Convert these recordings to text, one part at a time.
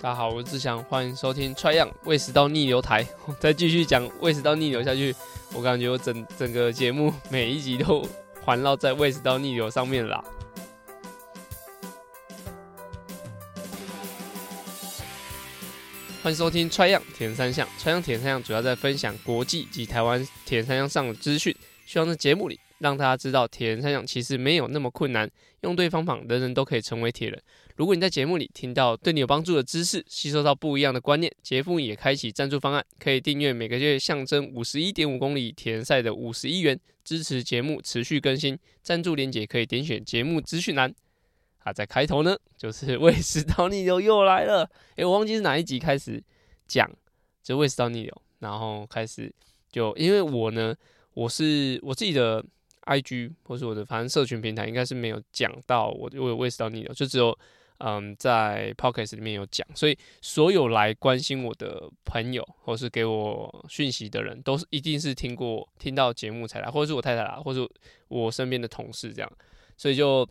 大家好，我是志祥，歡迎收聽《Try 樣胃食道逆流台》，再繼續講胃食道逆流下去。我感覺我整整個節目每一集都環繞在胃食道逆流上面啦。歡迎收聽《Try 樣鐵人三項》，《Try 樣鐵人三項》主要在分享國際及台灣鐵人三項上的資訊，希望在節目裡讓大家知道鐵人三項其實沒有那麼困難，用對方法，人人都可以成為鐵人。如果你在節目裡聽到對你有幫助的知識，吸收到不一樣的觀念，杰夫也開啟贊助方案，可以訂閱每個月象徵五十一點五公里鐵人賽的五十一元，支持節目持續更新。贊助鏈接可以點選節目資訊欄。啊，在開頭呢，就是胃食道逆流又來了。哎、欸，我忘記是哪一集開始講，就胃食道逆流，然後開始就因為我呢，我是我自己的 IG 或是我的反正社群平台，應該是沒有講到我我胃食道逆流，就只有。嗯、um,，在 podcast 裡面有講，所以所有來關心我的朋友，或是給我訊息的人，都是一定是聽過聽到節目才來，或者是我太太啦，或者我身邊的同事這樣，所以就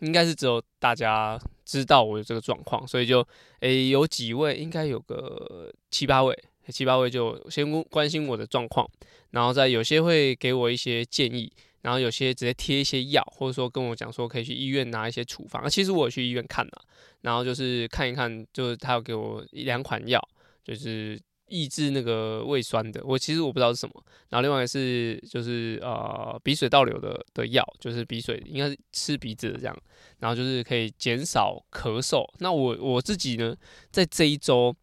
應該是只有大家知道我有這個狀況，所以就誒、欸、有幾位，應該有個七八位，七八位就先關關心我的狀況，然後再有些會給我一些建議。然後有些直接貼一些藥，或者說跟我講說可以去醫院拿一些處方。啊、其實我去醫院看了，然後就是看一看，就是他有給我一兩款藥，就是抑制那個胃酸的。我其實我不知道是什麼。然後另外也是就是呃鼻水倒流的的藥，就是鼻水應該是吃鼻子的這樣。然後就是可以減少咳嗽。那我我自己呢，在這一周，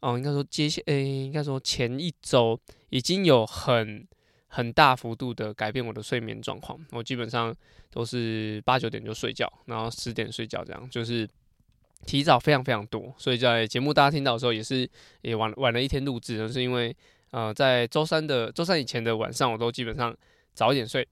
哦，應該說接下，呃、哎，應該說前一周已經有很。很大幅度的改變我的睡眠狀況，我基本上都是八九點就睡覺，然後十點睡覺，這樣就是提早非常非常多，所以在節目大家聽到的時候，也是也晚晚了一天錄製，就是因為呃在週三的週三以前的晚上，我都基本上早一點睡，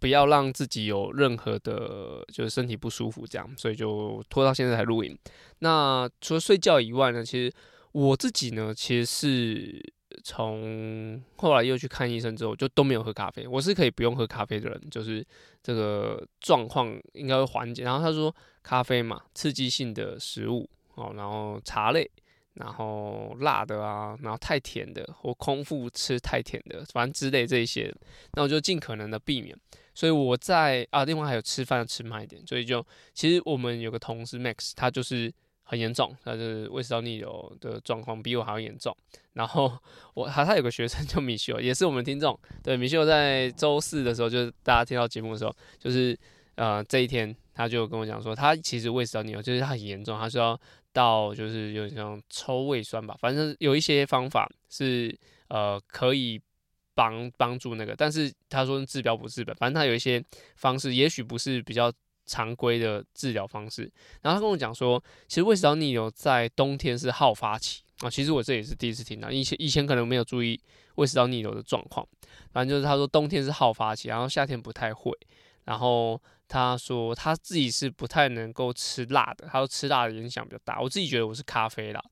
不要讓自己有任何的就是身體不舒服這樣，所以就拖到現在才錄影。那除了睡覺以外呢，其實我自己呢，其實是。從後來又去看醫生之後，就都沒有喝咖啡。我是可以不用喝咖啡的人，就是這個狀況應該會緩解。然後他說咖啡嘛，刺激性的食物哦，然後茶類，然後辣的啊，然後太甜的或空腹吃太甜的，反正之類這一些，那我就盡可能的避免。所以我在啊，另外還有吃飯要吃慢一點。所以就其實我們有個同事 Max，他就是。很嚴重，他就是胃食道逆流的狀況比我還要嚴重。然後我還他有個學生叫米修，也是我們聽眾。對，米修在週四的時候，就是大家聽到節目的時候，就是呃這一天，他就跟我講說，他其實胃食道逆流就是他很嚴重，他需要到就是有點像抽胃酸吧，反正有一些方法是呃可以幫幫助那個，但是他說是治標不治本。反正他有一些方式，也許不是比較常規的治療方式，然後他跟我講說，其實胃食道逆流在冬天是好發期啊，哦，其實我這也是第一次聽到，以前以前可能沒有注意胃食道逆流的狀況。反正就是他說冬天是好發期，然後夏天不太會。然後他說他自己是不太能夠吃辣的，他說吃辣的影響比較大。我自己覺得我是咖啡啦。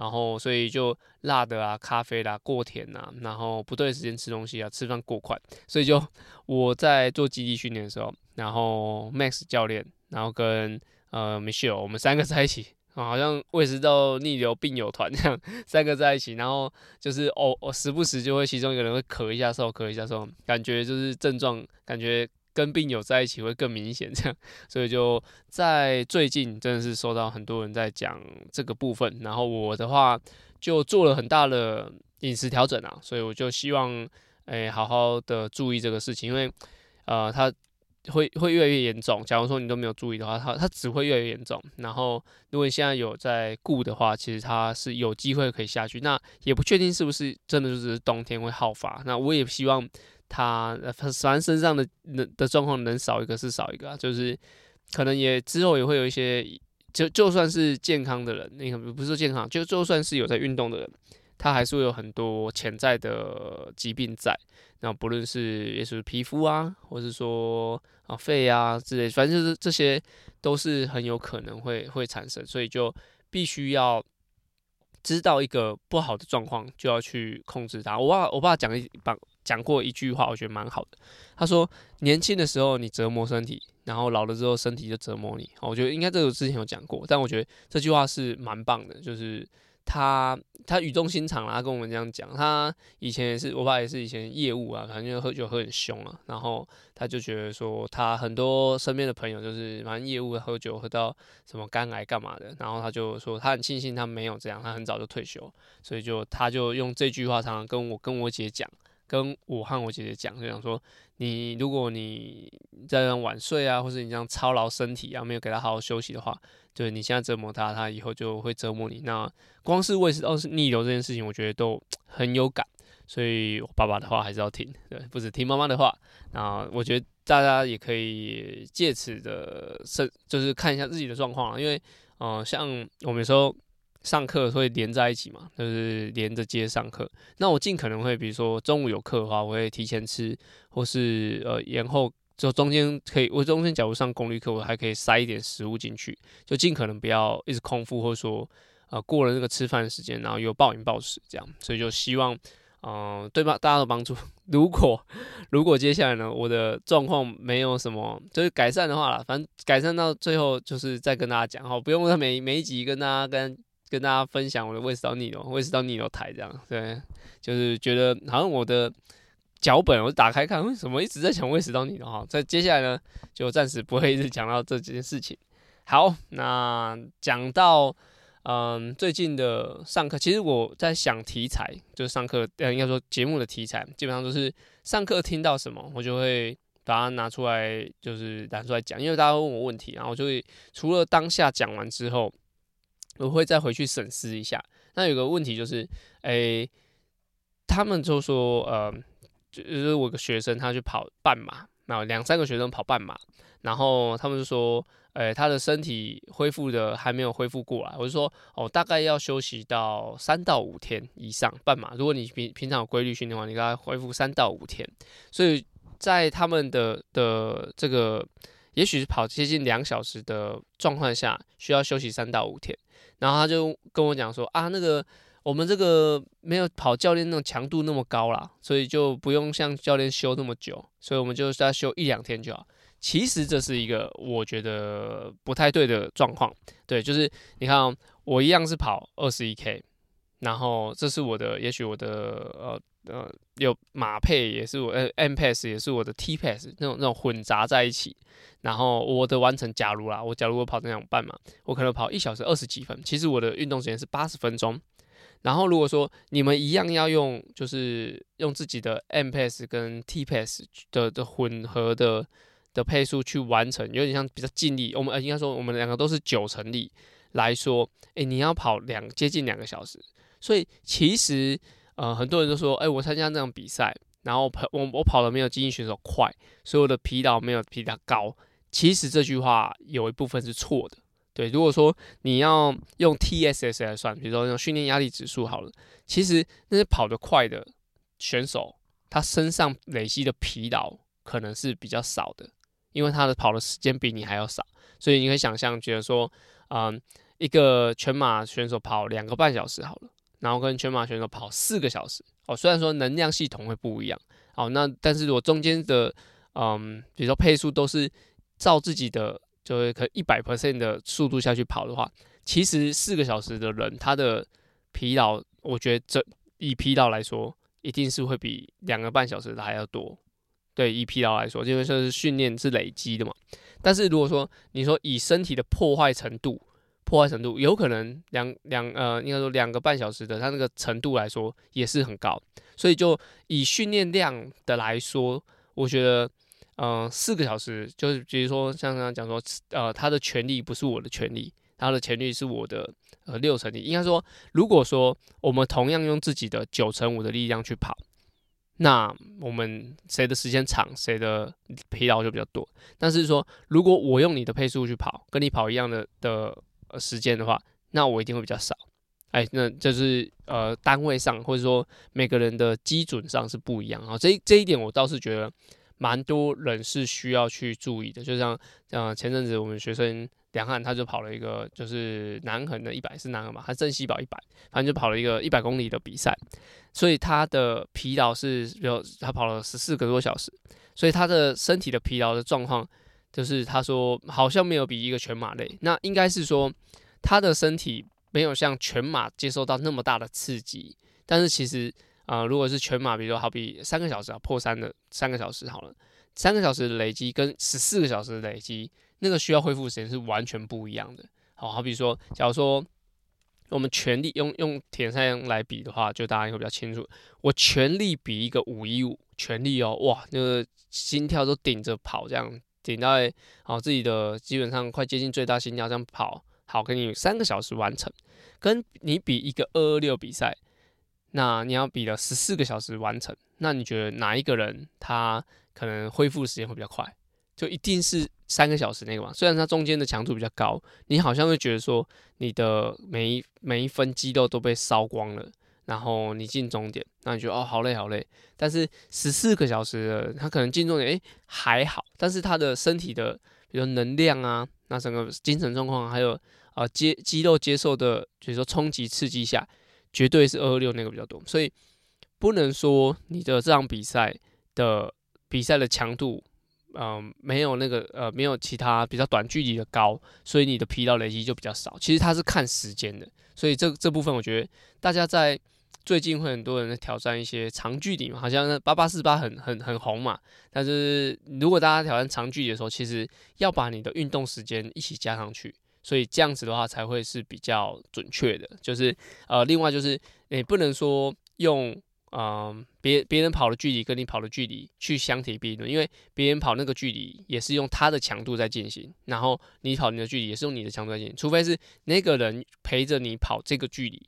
然後，所以就辣的啊，咖啡啦、啊，過甜吶、啊，然後不對的時間吃東西啊，吃飯過快，所以就我在做肌力訓練的時候，然後 Max 教練，然後跟呃 Michelle，我們三個在一起啊，好像胃食道逆流病友團這樣，三個在一起，然後就是哦，我、哦、時不時就會其中一個人會咳一下，時候咳一下時候，感覺就是症狀感覺。跟病友在一起會更明顯，這樣，所以就在最近真的是收到很多人在講這個部分，然後我的話就做了很大的飲食調整啊，所以我就希望誒、欸、好好的注意這個事情，因為呃它會會越來越嚴重，假如說你都沒有注意的話，它它只會越來越嚴重，然後如果你現在有在顧的話，其實它是有機會可以下去，那也不確定是不是真的就是冬天會好發，那我也希望。他反正身上的能的狀況能少一個是少一個啊，就是可能也之後也會有一些，就就算是健康的人，那個不是健康，就就算是有在運動的人，他還是會有很多潛在的疾病在。那不論是也是皮膚啊，或是說啊肺啊之類，反正就是這些都是很有可能會會產生，所以就必須要知道一個不好的狀況，就要去控制它。我爸我爸講一棒。講過一句話，我覺得蠻好的。他說：“年輕的時候你折磨身體，然後老了之後身體就折磨你。”我覺得應該這個之前有講過，但我覺得這句話是蠻棒的。就是他他語重心長啊，他跟我們這樣講。他以前也是，我爸也是以前業務啊，反正就喝酒喝很凶啊。然後他就覺得說，他很多身邊的朋友就是蠻業務的喝酒喝到什麼肝癌幹嘛的。然後他就說，他很慶幸他沒有這樣，他很早就退休，所以就他就用這句話常常跟我跟我姐講。跟我和我姐姐講，就想說，你如果你在這樣晚睡啊，或者你這樣操勞身體啊，沒有給他好好休息的話，就是你現在折磨他，他以後就會折磨你。那光是胃食道逆流這件事情，我覺得都很有感，所以我爸爸的話還是要聽，對，不止聽媽媽的話。那我覺得大家也可以借此的，是就是看一下自己的狀況，因為嗯、呃，像我們說。上課會連在一起嘛，就是連着接上課。那我盡可能會，比如說中午有課的話，我會提前吃，或是呃延後，就中間可以，我中間假如上功率課，我還可以塞一點食物進去，就盡可能不要一直空腹，或者說呃過了那個吃飯時間，然後又暴飲暴食這樣。所以就希望，嗯，對吧，大家有幫助。 如果如果接下來呢，我的狀況沒有什麼就是改善的話啦，反正改善到最後就是再跟大家講哈，不用每每一集跟大家跟。跟大家分享我的《胃食道逆流》，《胃食道逆流台》這樣，對，就是覺得好像我的腳本，我打開看，為什麼一直在講《胃食道逆流》哈？在接下來呢，就暫時不會一直講到這件事情。好，那講到嗯，最近的上課，其實我在想題材，就是上課、呃，應該說節目的題材，基本上都是上課聽到什麼，我就會把它拿出來，就是拿出來講，因為大家會問我問題，然後我就會除了當下講完之後。我會再回去審視一下。那有個問題就是，哎，他們就說，嗯、呃，就是我的學生他去跑半馬，那兩三個學生跑半馬，然後他們就說，哎，他的身體恢復的還沒有恢復過來。我就說，哦，大概要休息到三到五天以上。半馬，如果你平平常有規律訓練的話，你給他恢復三到五天。所以在他們的的這個。也許是跑接近兩小時的狀況下，需要休息三到五天，然後他就跟我講說啊，那個我們這個沒有跑教練那種強度那麼高啦，所以就不用像教練休那麼久，所以我們就是要休一兩天就好。其實這是一個我覺得不太對的狀況，對，就是你看我一樣是跑二十一 K，然後這是我的，也許我的呃。呃，有馬配也是我，呃，M pace 也是我的 T pace 那種那種混雜在一起。然後我的完成，假如啦，我假如我跑這樣半嘛，我可能跑一小時二十幾分。其實我的運動時間是八十分鐘。然後如果說你們一樣要用，就是用自己的 M pace 跟 T pace 的的混合的的配速去完成，有點像比較盡力。我們呃，應該說我們兩個都是九成力來說，誒，你要跑兩接近兩個小時。所以其實。呃，很多人都說，哎、欸，我參加這場比賽，然後跑我我，我跑的沒有精英選手快，所以我的疲勞沒有比他高。其實這句話有一部分是錯的，對。如果說你要用 TSS 來算，比如說用訓練壓力指數好了，其實那些跑得快的選手，他身上累積的疲勞可能是比較少的，因為他的跑的時間比你還要少，所以你可以想象，覺得說，嗯，一個全馬選手跑兩個半小時好了。然後跟全馬選手跑四個小時哦，雖然說能量系統會不一樣，哦，那但是如果中間的嗯，比如說配速都是照自己的，就是可一百 percent 的速度下去跑的話，其實四個小時的人他的疲勞，我覺得這以疲勞來說，一定是會比兩個半小時的還要多。對，以疲勞來說，因為就是訓練是累積的嘛。但是如果說你說以身體的破壞程度，破壞程度有可能兩兩呃，應該說，兩個半小時的它，那個程度來說也是很高，所以就以訓練量的來說，我覺得嗯、呃、四個小時就是比如說像剛剛講說呃他的全力不是我的全力，他的全力是我的呃六成力，應該說，如果說我們同樣用自己的九成五的力量去跑，那我們誰的時間長誰的疲勞就比較多，但是說如果我用你的配速去跑，跟你跑一樣的的。時間的話，那我一定會比較少。哎，那就是呃，單位上或者說每個人的基準上是不一樣啊。這這一點我倒是覺得蠻多人是需要去注意的。就像呃，前陣子我們學生梁漢他就跑了一個，就是南橫的一百，是南橫嘛，還是鎮西堡一百，反正就跑了一個一百公里的比賽，所以他的疲勞是比如他跑了十四個多小時，所以他的身體的疲勞的狀況。就是他說，好像沒有比一個全馬累，那應該是說他的身體沒有像全馬接受到那麼大的刺激。但是其實啊、呃，如果是全馬，比如說好比三個小時啊，破三的三個小時好了，三個小時的累積跟十四個小時的累積，那個需要恢復時間是完全不一樣的。好好比說，假如說我們全力用用鐵三來比的話，就大家會比較清楚。我全力比一個五一五全力哦，哇，那個心跳都頂着跑這樣。頂到好自己的基本上快接近最大心跳，這樣跑，好，跟你三個小時完成，跟你比一個二二六比賽，那你要比了十四個小時完成，那你覺得哪一個人他可能恢復的時間會比較快？就一定是三個小時那個嘛，雖然他中間的強度比較高，你好像會覺得說你的每一每一分肌肉都被燒光了。然後你進終點，那你就哦，好累好累。但是十四個小時的他可能進終點，哎，還好，但是他的身體的，比如說能量啊，那整個精神狀況，還有啊、呃、肌肉接受的，比如說衝擊刺激下，絕對是二二六那個比較多。所以不能說你的這場比賽的比賽的強度，嗯、呃，沒有那個呃沒有其他比較短距離的高，所以你的疲勞累積就比較少。其實他是看時間的，所以這這部分我覺得大家在。最近會很多人在挑戰一些長距離嘛，好像八八四八很很很紅嘛。但是如果大家挑戰長距離的時候，其實要把你的運動時間一起加上去，所以這樣子的話才會是比較準確的。就是呃，另外就是你、欸、不能說用嗯別別人跑的距離跟你跑的距離去相提並論，因為別人跑那個距離也是用他的強度在進行，然後你跑你的距離也是用你的強度在進行，除非是那個人陪着你跑這個距離。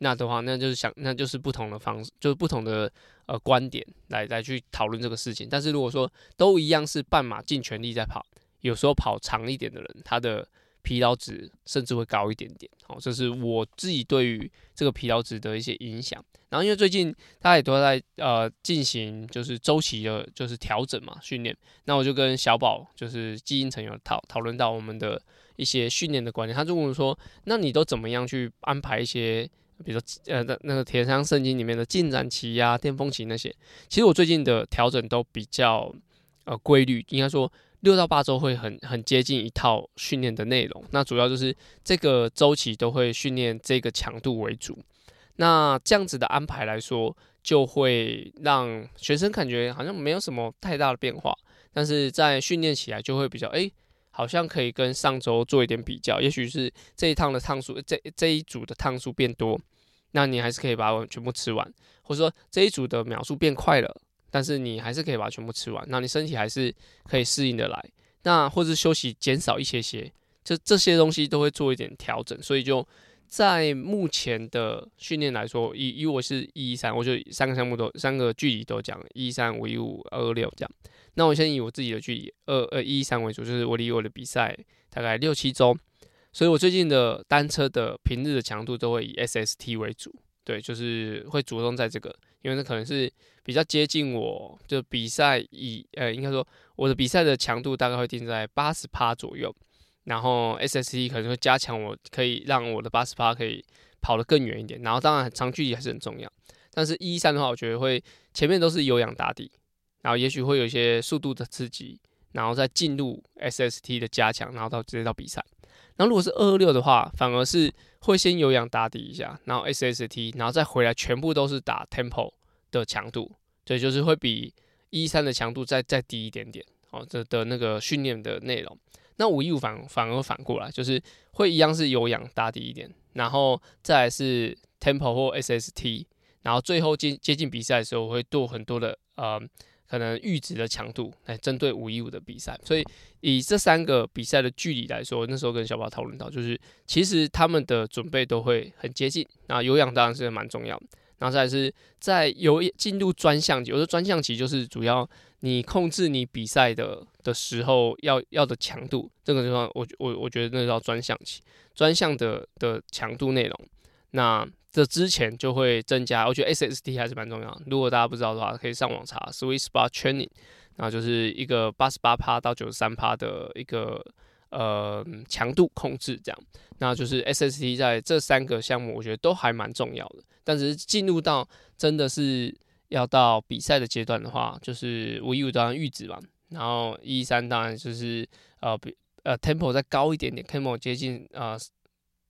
那的話，那就是想，那就是不同的方式，就是不同的呃觀點來來去討論這個事情。但是如果說都一樣是半馬盡全力在跑，有時候跑長一點的人，他的疲勞值甚至會高一點點。好、哦，這是我自己對於這個疲勞值的一些影響。然後因為最近大家也都在呃進行就是週期的，就是調整嘛訓練。那我就跟小寶就是基因層有討討論到我們的一些訓練的觀念。他就問我說：“那你都怎麼樣去安排一些？”比如說，呃，那那個鐵三聖經裡面的進展期呀、啊、巔峰期那些，其實我最近的調整都比較呃規律，應該說六到八周會很很接近一套訓練的內容。那主要就是這個周期都會訓練這個強度為主。那這樣子的安排來說，就會讓學生感覺好像沒有什麼太大的變化，但是在訓練起來就會比較哎。欸好像可以跟上周做一點比較，也許是這一趟的趟數，這一這一組的趟數變多，那你還是可以把我全部吃完，或者說，這一組的秒數變快了，但是你還是可以把全部吃完，那你身體還是可以適應的來，那或者休息減少一些些，這這些東西都會做一點調整，所以就。在目前的訓練來說，以以我是113，我就三個項目都三個距離都講113、515、226這樣。那我先以我自己的距離二二、呃、113為主，就是我離我的比賽大概六七周，所以我最近的單車的平日的強度都會以 SST 為主，對，就是會着重在這個，因為那可能是比較接近我，就比賽以呃應該說我的比賽的強度大概會定在八十趴左右。然後 S S T 可能會加強，我可以讓我的80趴可以跑得更遠一點。然後當然長距離還是很重要，但是一三的話，我覺得會前面都是有氧打底，然後也許會有一些速度的刺激，然後再進入 S S T 的加強，然後到直接到比賽。然後如果是二二六的話，反而是會先有氧打底一下，然後 S S T，然後再回來全部都是打 tempo 的強度，對，就是會比一三的強度再再低一點點，好、哦，的的那個訓練的內容。那五一五反反而反過來，就是會一樣是有氧打底一點，然後再來是 Tempo 或 SST，然後最後進接，接近比賽的時候會做很多的呃可能閾值的強度來針、欸、對五一五的比賽。所以以這三個比賽的距離來說，那時候跟小寶討論到，就是其實他們的準備都會很接近。那有氧當然是蠻重要，然後再來是在有進入專項級，我說專項級就是主要。你控制你比賽的的時候要要的強度，這個地方我我我覺得那叫專項期，專項的的強度內容。那這之前就會增加，我覺得 SST 還是蠻重要。如果大家不知道的話，可以上網查 Sweet Spot Training，那就是一個八十八趴到九十三趴的一個呃強度控制這樣。那就是 SST 在這三個項目，我覺得都還蠻重要的。但是進入到真的是。要到比賽的階段的話，就是五一五當然閾值嘛，然後一三當然就是呃比呃 tempo 再高一點點，tempo 接近呃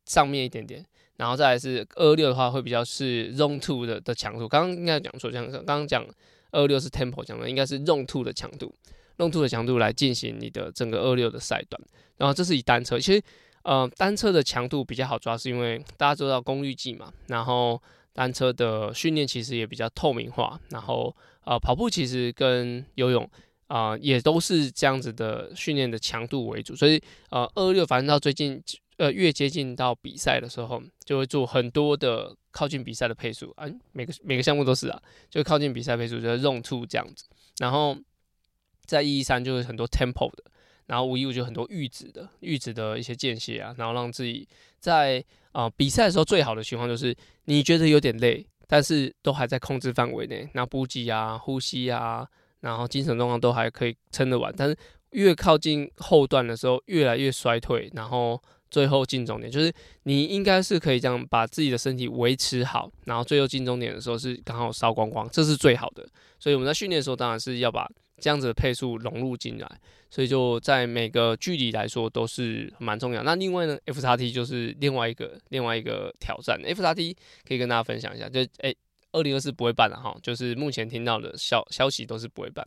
上面一點點，然後再來是二六的話會比較是 zone two 的的強度。剛剛應該講錯，剛剛講二六是 tempo 講的，應該是 zone two 的強度，zone two 的強度來進行你的整個二六的賽段。然後這是以單車，其實呃單車的強度比較好抓，是因為大家都知道功率計嘛，然後。單車的訓練其實也比較透明化，然後呃跑步其實跟游泳啊、呃、也都是這樣子的訓練的強度為主，所以呃二二六反正到最近呃越接近到比賽的時候，就會做很多的靠近比賽的配速，嗯、啊，每個每個項目都是啊，就靠近比賽的配速，就 zone two 這樣子，然後在一一三就是很多 tempo 的。然後無疑我就很多閾值的閾值的一些間歇啊，然後讓自己在啊、呃、比賽的時候最好的情況就是你覺得有點累，但是都還在控制範圍內，那補給啊、呼吸啊，然後精神狀況都還可以撐得完。但是越靠近後段的時候，越來越衰退，然後最後進終點就是你應該是可以這樣把自己的身體維持好，然後最後進終點的時候是剛好燒光光，這是最好的。所以我們在訓練的時候當然是要把。這樣子的配速融入進來，所以就在每個距離來說都是蠻重要。那另外呢，F 叉 T 就是另外一個另外一個挑戰。F 叉 T 可以跟大家分享一下，就誒二零二四不會辦了哈，就是目前聽到的消消息都是不會辦。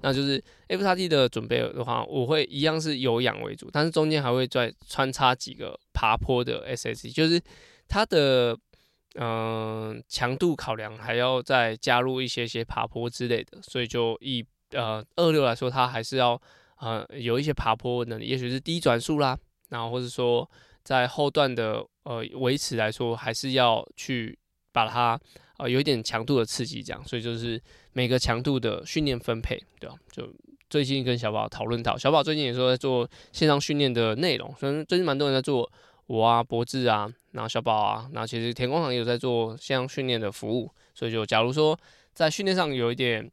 那就是 F 叉 T 的準備的話，我會一樣是有氧為主，但是中間還會再穿插幾個爬坡的 SST，就是它的嗯、呃、強度考量還要再加入一些些爬坡之類的，所以就一。呃，二六來說，它還是要呃有一些爬坡能力，也許是低轉速啦，然後或者說在後段的呃維持來說，還是要去把它呃有一點強度的刺激，這樣。所以就是每個強度的訓練分配，對吧？就最近跟小寶討論到，小寶最近也說在做線上訓練的內容，所以最近蠻多人在做我啊、博智啊，然後小寶啊，那其實天工廠也有在做線上訓練的服務，所以就假如說在訓練上有一點。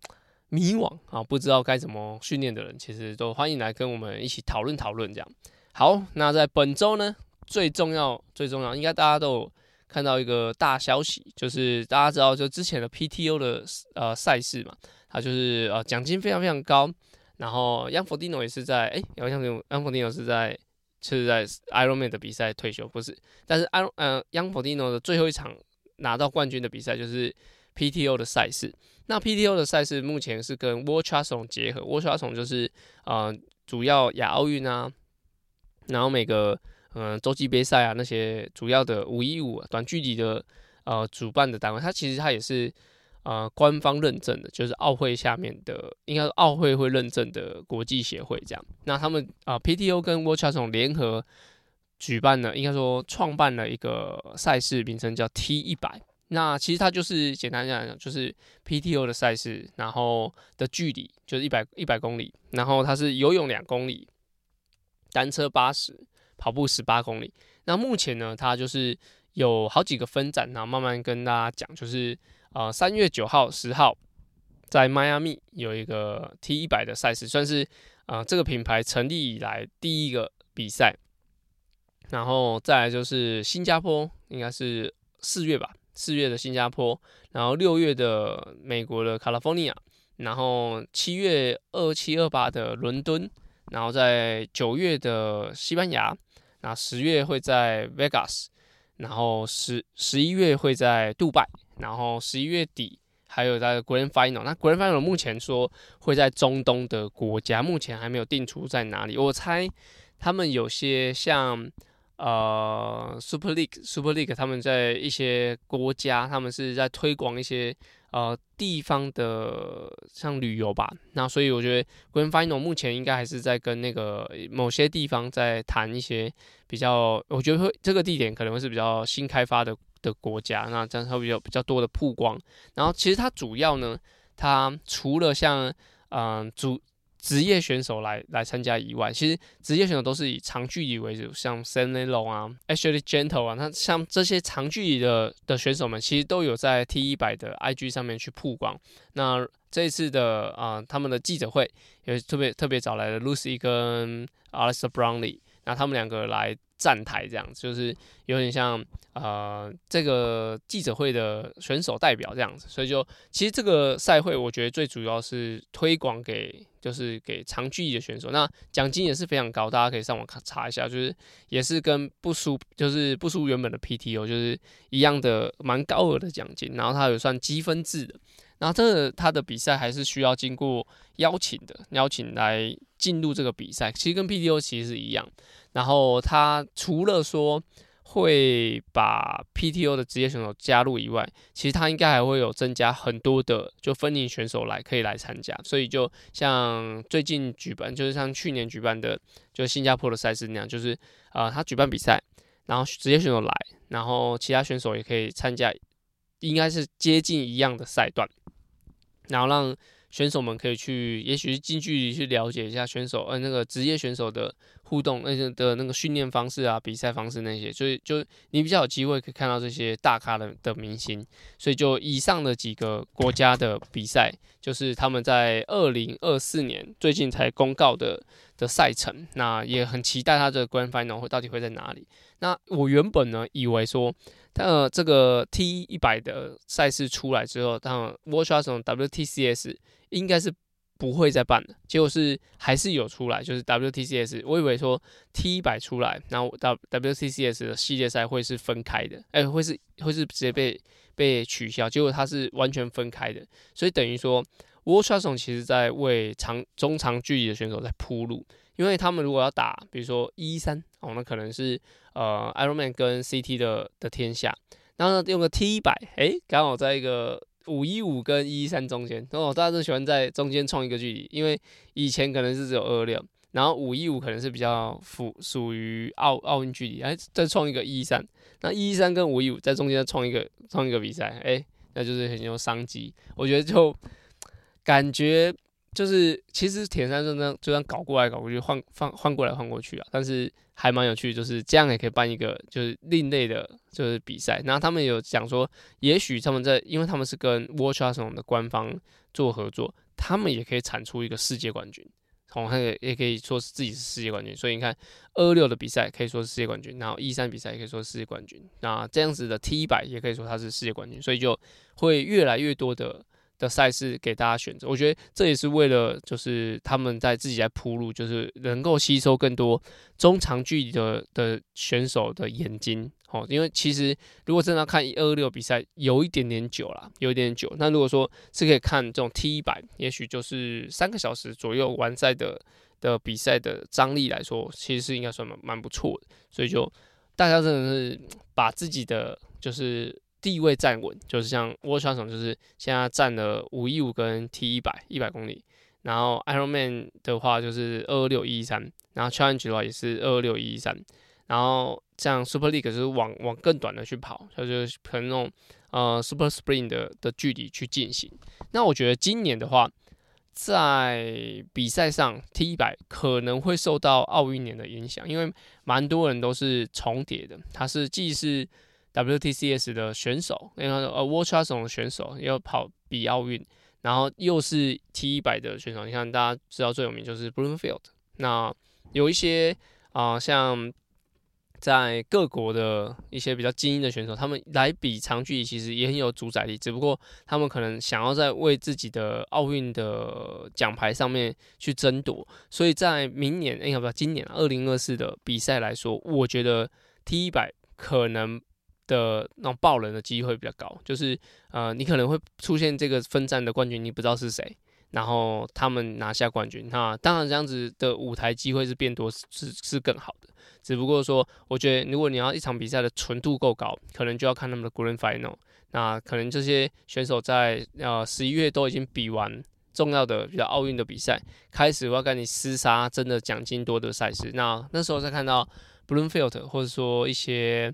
迷惘啊，不知道該怎麼訓練的人，其實都歡迎來跟我們一起討論討論這樣。好，那在本周呢，最重要最重要，應該大家都看到一個大消息，就是大家知道，就之前的 P T O 的呃賽事嘛，它就是呃獎金非常非常高，然後楊佛迪諾也是在哎，楊佛迪諾楊佛迪諾是在、就是在 Ironman 的比賽退休不是，但是安嗯楊佛迪諾的最後一場拿到冠軍的比賽就是。P.T.O 的賽事，那 PTO 的賽事目前是跟 World Triathlon 結合，World Triathlon 就是呃主要亞奧運啊，然後每個嗯洲際杯賽啊那些主要的五一五短距離的呃主辦的單位，它其實它也是呃官方認證的，就是奧會下面的，應該是奧會會認證的國際協會這樣。那他們啊、呃、PTO 跟 World Triathlon 聯合舉辦了，應該說創辦了一個賽事名稱叫 T 一百。那其實它就是簡單講講，就是 PTO 的賽事，然後的距離就是一百一百公里，然後它是游泳兩公里，單車八十，跑步十八公里。那目前呢，它就是有好幾個分站，然後慢慢跟大家講，就是啊，呃，三月九號、十號在邁阿密有一個 T 一百的賽事，算是啊，呃，這個品牌成立以來第一個比賽。然後再來就是新加坡，應該是四月吧。四月的新加坡，然後六月的美國的卡利福尼亞，然後七月二七二八的倫敦，然後在九月的西班牙，然後十月會在 Vegas，然後十十一月會在杜拜，然後十一月底還有在 Grand Final，那 Grand Final 目前說會在中東的國家，目前還沒有定出在哪裡，我猜他們有些像。呃，Super League，Super League，他們在一些國家，他們是在推廣一些呃地方的像旅遊吧。那所以我覺得 Grand Final 目前應該還是在跟那個某些地方在談一些比較，我覺得會這個地點可能會是比較新開發的的國家，那這樣會有比較多的曝光。然後其實它主要呢，它除了像嗯、呃、主。職業選手來來參加以外，其實職業選手都是以長距離為主，像 Sandler 啊、Ashley Gentle 啊，那像這些長距離的的選手們，其實都有在 T100 的 IG 上面去曝光。那這一次的啊、呃，他們的記者會也特別特別找來了 Lucy 跟 Alistair Brownlee。那他們兩個來站台，這樣子，就是有點像呃這個記者會的選手代表這樣子，所以就其實這個賽會，我覺得最主要是推廣給就是給長距離的選手，那獎金也是非常高，大家可以上網查一下，就是也是跟不輸就是不輸原本的 PTO 就是一樣的蠻高額的獎金，然後它有算積分制的。然後這他的比賽還是需要經過邀請的，邀請來進入這個比賽，其實跟 PTO 其實是一樣。然後他除了說會把 PTO 的職業選手加入以外，其實他應該還會有增加很多的就分齡選手來可以來參加。所以就像最近舉辦，就是像去年舉辦的就新加坡的賽事那樣，就是啊、呃、他舉辦比賽，然後職業選手來，然後其他選手也可以參加，應該是接近一樣的賽段。然後讓選手們可以去，也許近距離去了解一下選手，呃，那個職業選手的互動，那、呃、些的那個訓練方式啊，比賽方式那些，所以就你比較有機會可以看到這些大咖的的明星。所以就以上的幾個國家的比賽，就是他們在二零二四年最近才公告的的賽程，那也很期待他的 Grand Final 到底會在哪裡。那我原本呢，以為說，呃，這個 T100 的賽事出來之後，w 那沃沙松 WTCS 應該是不會再辦了，結果是還是有出來，就是 WTCS。我以為說 T100 出來，然後 w WTCS 的系列賽會是分開的，哎、欸，會是會是直接被被取消。結果它是完全分開的，所以等於說 w s 沃沙松其實在為長中長距離的選手在鋪路。因為他們如果要打，比如說一三，哦，我們可能是呃 Iron Man 跟 CT 的的天下，然後呢用個 T100，誒，剛好在一個五一五跟一一三中間，然後大家都喜歡在中間衝一個距離，因為以前可能是只有二二六，然後五一五可能是比較屬屬於奧奧運距離，誒，再衝一個一一三，那一一三跟五一五在中間衝一個衝一個比賽，誒，那就是很有商機，我覺得就感覺。就是其實鐵三這樣，就算搞過來搞過去，換換換過來換過去啊，但是還蠻有趣。就是這樣也可以辦一個，就是另類的，就是比賽。然後他們有講說，也許他們在，因為他們是跟 World Tour 的官方做合作，他們也可以產出一個世界冠軍，從那個也可以說是自己是世界冠軍。所以你看，二六的比賽可以說是世界冠軍，然後一三比賽也可以說是世界冠軍，那這樣子的 T 一百也可以說他是世界冠軍，所以就會越來越多的。的賽事給大家選擇，我覺得這也是為了，就是他們在自己在鋪路，就是能夠吸收更多中長距離的的選手的眼睛，哦，因為其實如果真的要看一二六比賽，有一點點久了，有一點點久。那如果說是可以看這種 T100，也許就是三個小時左右完賽的的比賽的張力來說，其實是應該算蠻蠻不錯的。所以就大家真的是把自己的就是。地位站穩，就是像 w a s h n 就是現在站了五一五跟 T 一百一百公里，然後 Ironman 的話就是二二六一一三，然後 Challenge 的話也是二二六一一三，然後像 Super League 就是往往更短的去跑，它就是、可能那種呃 Super Sprint 的的距離去進行。那我覺得今年的話，在比賽上 T 一百可能會受到奧運年的影響，因為蠻多人都是重疊的，它是既是。WTCS 的選手，你看，呃、啊、，Watchers 的選手也有跑比奧運，然後又是 T 一百的選手。你看，大家知道最有名就是 Bloomfield。那有一些啊、呃，像在各國的一些比較精英的選手，他們來比長距離其實也很有主宰力。只不過他們可能想要在為自己的奧運的獎牌上面去爭奪。所以在明年，哎、欸，不今年、啊，二零二四的比賽來說，我覺得 T 一百可能。的那種爆冷的機會比較高，就是呃，你可能會出現這個分站的冠軍，你不知道是誰，然後他們拿下冠軍。那當然這樣子的舞台機會是變多，是是更好的。只不過說，我覺得如果你要一場比賽的純度夠高，可能就要看他們的 Grand Final。那可能這些選手在呃十一月都已經比完重要的比如奧運的比賽，開始我要跟你廝殺，真的獎金多的賽事。那那時候再看到 Bloomfield 或者說一些。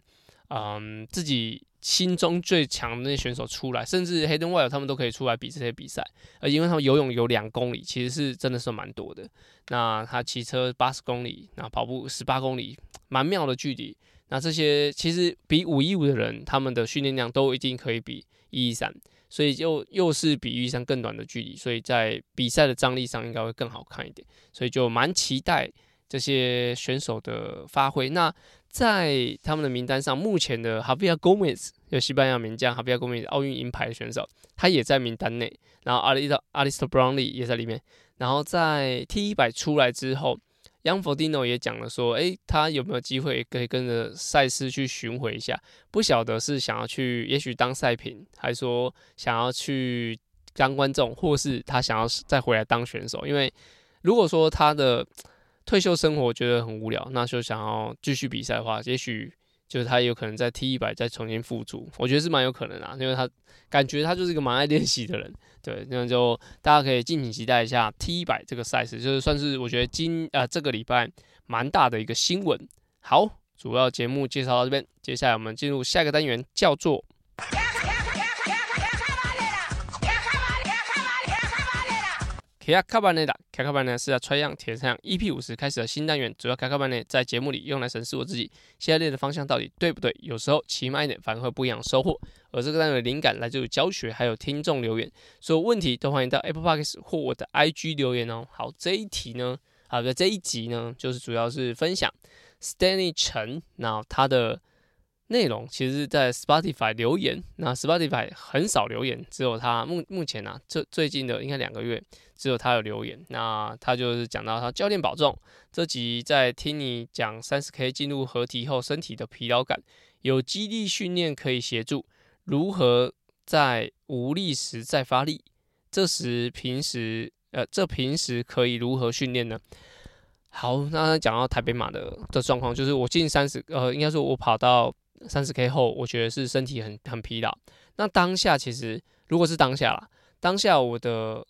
嗯，自己心中最強的那些選手出來，甚至黑燈外他們都可以出來比這些比賽，而因為他們游泳有兩公里，其實是真的是蠻多的。那他騎車八十公里，那跑步十八公里，蠻妙的距離。那這些其實比五一五的人，他們的訓練量都一定可以比一一三，所以又又是比一一三更短的距離，所以在比賽的張力上應該會更好看一點。所以就蠻期待這些選手的發揮。那。在他們的名單上，目前的 Javier Gomez 就西班牙名將 Javier Gomez 奧運銀牌的選手，他也在名單內。然後 Alister a l i s t Brownley 也在裡面。然後在 T 一百出來之後，Young f o d i n o 也講了說：“誒、欸，他有沒有機會可以跟着賽事去巡迴一下？不曉得是想要去，也許當賽評，還說想要去當觀眾，或是他想要再回來當選手？因為如果說他的……”退休生活覺得很無聊，那就想要繼續比賽的話，也許就是他有可能在 T100，再重新復出，我覺得是蠻有可能的啊，因為他感覺他就是一個蠻愛練習的人，對，那就大家可以敬請期待一下 T100 這個賽事，就是算是我覺得今啊、呃、這個禮拜蠻大的一個新聞。好，主要節目介紹到這邊，接下來我們進入下一個單元，叫做。卡卡班呢是在穿樣、填上 EP 五十開始的新單元，主要卡卡班呢在節目裡用來審視我自己，現在練的方向到底對不對。有時候騎慢一點反而會不一樣收穫。而這個單元的靈感來自於教學，還有聽眾留言，所有問題都歡迎到 Apple Parkes 或我的 IG 留言哦。好，這一題呢，啊，在這一集呢就是主要是分享 Stanley 陳那他的內容。其實，是在 Spotify 留言，那 Spotify 很少留言，只有他目目前呢、啊，最最近的應該兩個月。只有他有留言，那他就是講到他教練保重。這集在聽你講三十 K 進入合體後身體的疲勞感，有肌力訓練可以協助，如何在無力時再發力？這時平時呃，這平時可以如何訓練呢？好，那講到台北馬的的狀況，就是我進三十呃，應該說我跑到三十 K 後，我覺得是身體很很疲勞。那當下其實如果是當下啦，當下我的。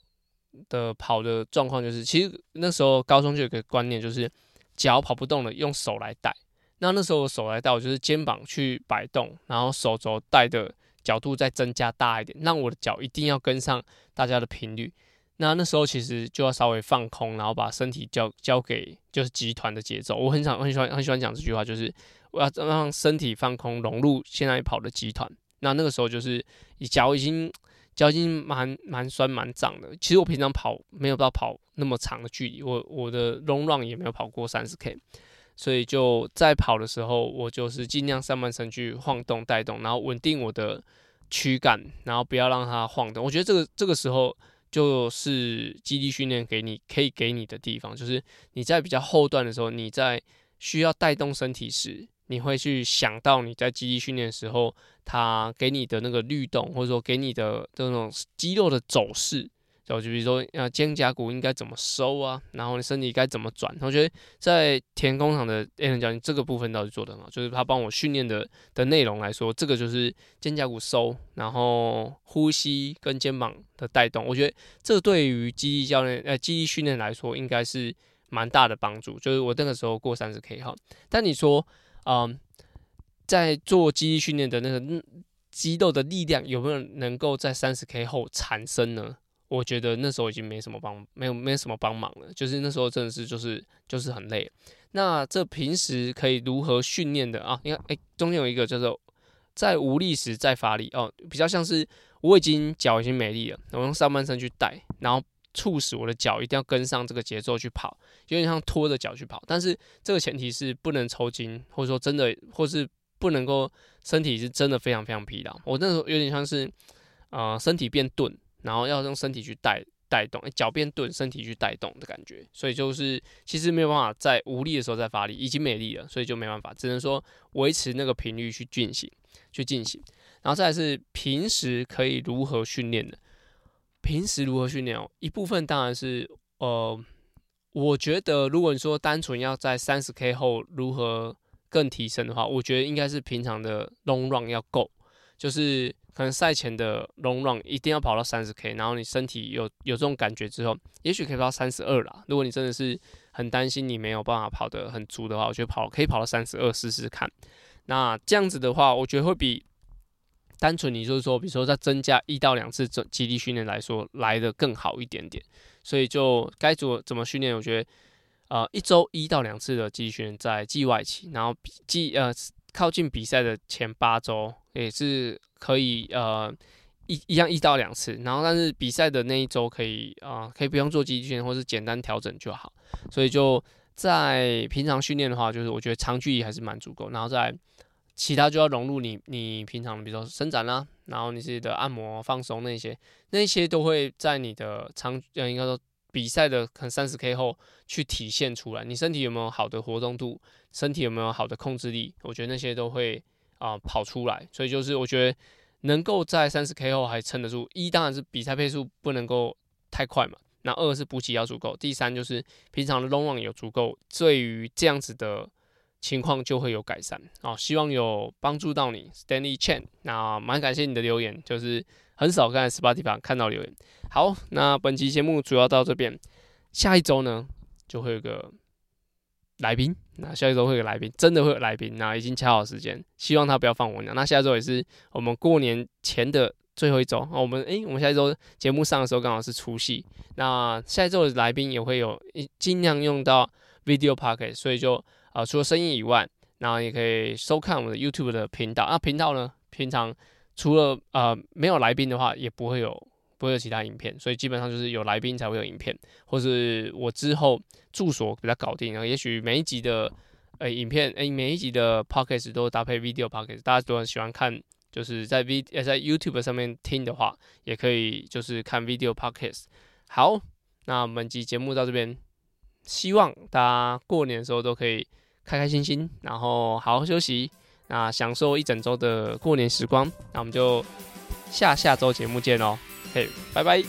的跑的狀況就是，其實那時候高中就有個觀念，就是腳跑不動了，用手來帶。那那時候我手來帶，我就是肩膀去擺動，然後手肘帶的角度再增加大一點，讓我的腳一定要跟上大家的頻率。那那時候其實就要稍微放空，然後把身體交交給就是集團的節奏。我很想很喜歡很喜歡講這句話，就是我要讓身體放空，融入現在跑的集團。那那個時候就是，腳已經。腳已經蠻蠻酸蠻脹的。其實我平常跑沒有到跑那麼長的距離，我我的 long run 也沒有跑過三十 k，所以就在跑的時候，我就是盡量上半身去晃動帶動，然後穩定我的軀幹，然後不要讓它晃動。我覺得這個這個時候就是肌力訓練給你可以給你的地方，就是你在比較後段的時候，你在需要帶動身體時。你會去想到你在肌力訓練的時候，他給你的那個律動，或者說給你的這種肌肉的走勢，就就比如說呃，肩胛骨應該怎麼收啊，然後你身體應該怎麼轉。我覺得在田工廠的 Alan 教練這個部分倒是做得很好，就是他幫我訓練的的內容來說，這個就是肩胛骨收，然後呼吸跟肩膀的帶動。我覺得這對於肌力教練呃肌力訓練來說，應該是蠻大的幫助。就是我那個時候過三十 K 哈，但你說。嗯，在做肌力訓練的那個肌肉的力量有沒有能夠在三十 K 後產生呢？我覺得那時候已經沒什麼幫，沒有沒什麼幫忙了，就是那時候真的是就是就是很累了。那這平時可以如何訓練的啊？你看，哎、欸，中間有一個叫做、就是、在無力時再發力哦、啊，比較像是我已經腳已經沒力了，我用上半身去帶，然後。促使我的腳一定要跟上這個節奏去跑，有點像拖着腳去跑。但是這個前提是不能抽筋，或者說真的，或是不能夠身體是真的非常非常疲勞。我那時候有點像是，呃、身體變鈍，然後要用身體去帶帶動，欸、腳變鈍，身體去帶動的感覺。所以就是其實沒有辦法在無力的時候再發力，已經沒力了，所以就沒辦法，只能說維持那個頻率去進行，去進行。然後再來是平時可以如何訓練的。平時如何訓練哦？一部分當然是，呃，我覺得如果你說單純要在三十 K 後如何更提升的話，我覺得應該是平常的 long run 要夠，就是可能賽前的 long run 一定要跑到三十 K，然後你身體有有這種感覺之後，也許可以跑到三十二啦。如果你真的是很擔心你沒有辦法跑得很足的話，我覺得跑可以跑到三十二試試看。那這樣子的話，我覺得會比。單純，你就是說，比如說，再增加一到兩次這肌力訓練來說，來得更好一點點。所以就該做怎麼訓練，我覺得，呃，一周一到兩次的肌力訓練在季外期，然後季呃靠近比賽的前八周也是可以，呃一一樣一到兩次。然後但是比賽的那一周可以啊、呃，可以不用做肌力訓練，或是簡單調整就好。所以就在平常訓練的話，就是我覺得長距離還是蠻足夠。然後在其他就要融入你，你平常比如說伸展啦，啊，然後你自己的按摩放鬆那些，那些都會在你的長，呃，應該說比賽的可能三十 K 後去體現出來。你身體有沒有好的活動度，身體有沒有好的控制力，我覺得那些都會啊，呃、跑出來。所以就是我覺得能夠在三十 K 後還撐得住，一當然是比賽配速不能夠太快嘛，那二是補給要足夠，第三就是平常的 long run 有足夠。對於這樣子的。情況就會有改善，哦，希望有幫助到你，Stanley Chen 那。那蠻感謝你的留言，就是很少在 Spotify 看到留言。好，那本期節目主要到這邊，下一周呢就會有個來賓。那下一周會有個來賓，真的會有來賓。那已經掐好時間，希望他不要放我。那下一周也是我們過年前的最後一週，哦。我們誒、欸、我們下一周節目上的時候剛好是除夕。那下一周的來賓也會有，盡量用到 Video Packet，所以就。啊、呃，除了聲音以外，然後也可以收看我們的 YouTube 的頻道。那、啊、頻道呢，平常除了呃沒有來賓的話，也不會有，不會有其他影片，所以基本上就是有來賓才會有影片，或是我之後住所比較搞定。然後也許每一集的呃影片，哎，每一集的 Podcast 都搭配 Video Podcast。大家都很喜歡看，就是在 V 在 YouTube 上面聽的話，也可以就是看 Video Podcast。好，那我們集節目到這邊，希望大家過年的時候都可以開開心心，然後好好休息，那享受一整週的過年時光。那我們就下下週節目見嘍，嘿，拜拜。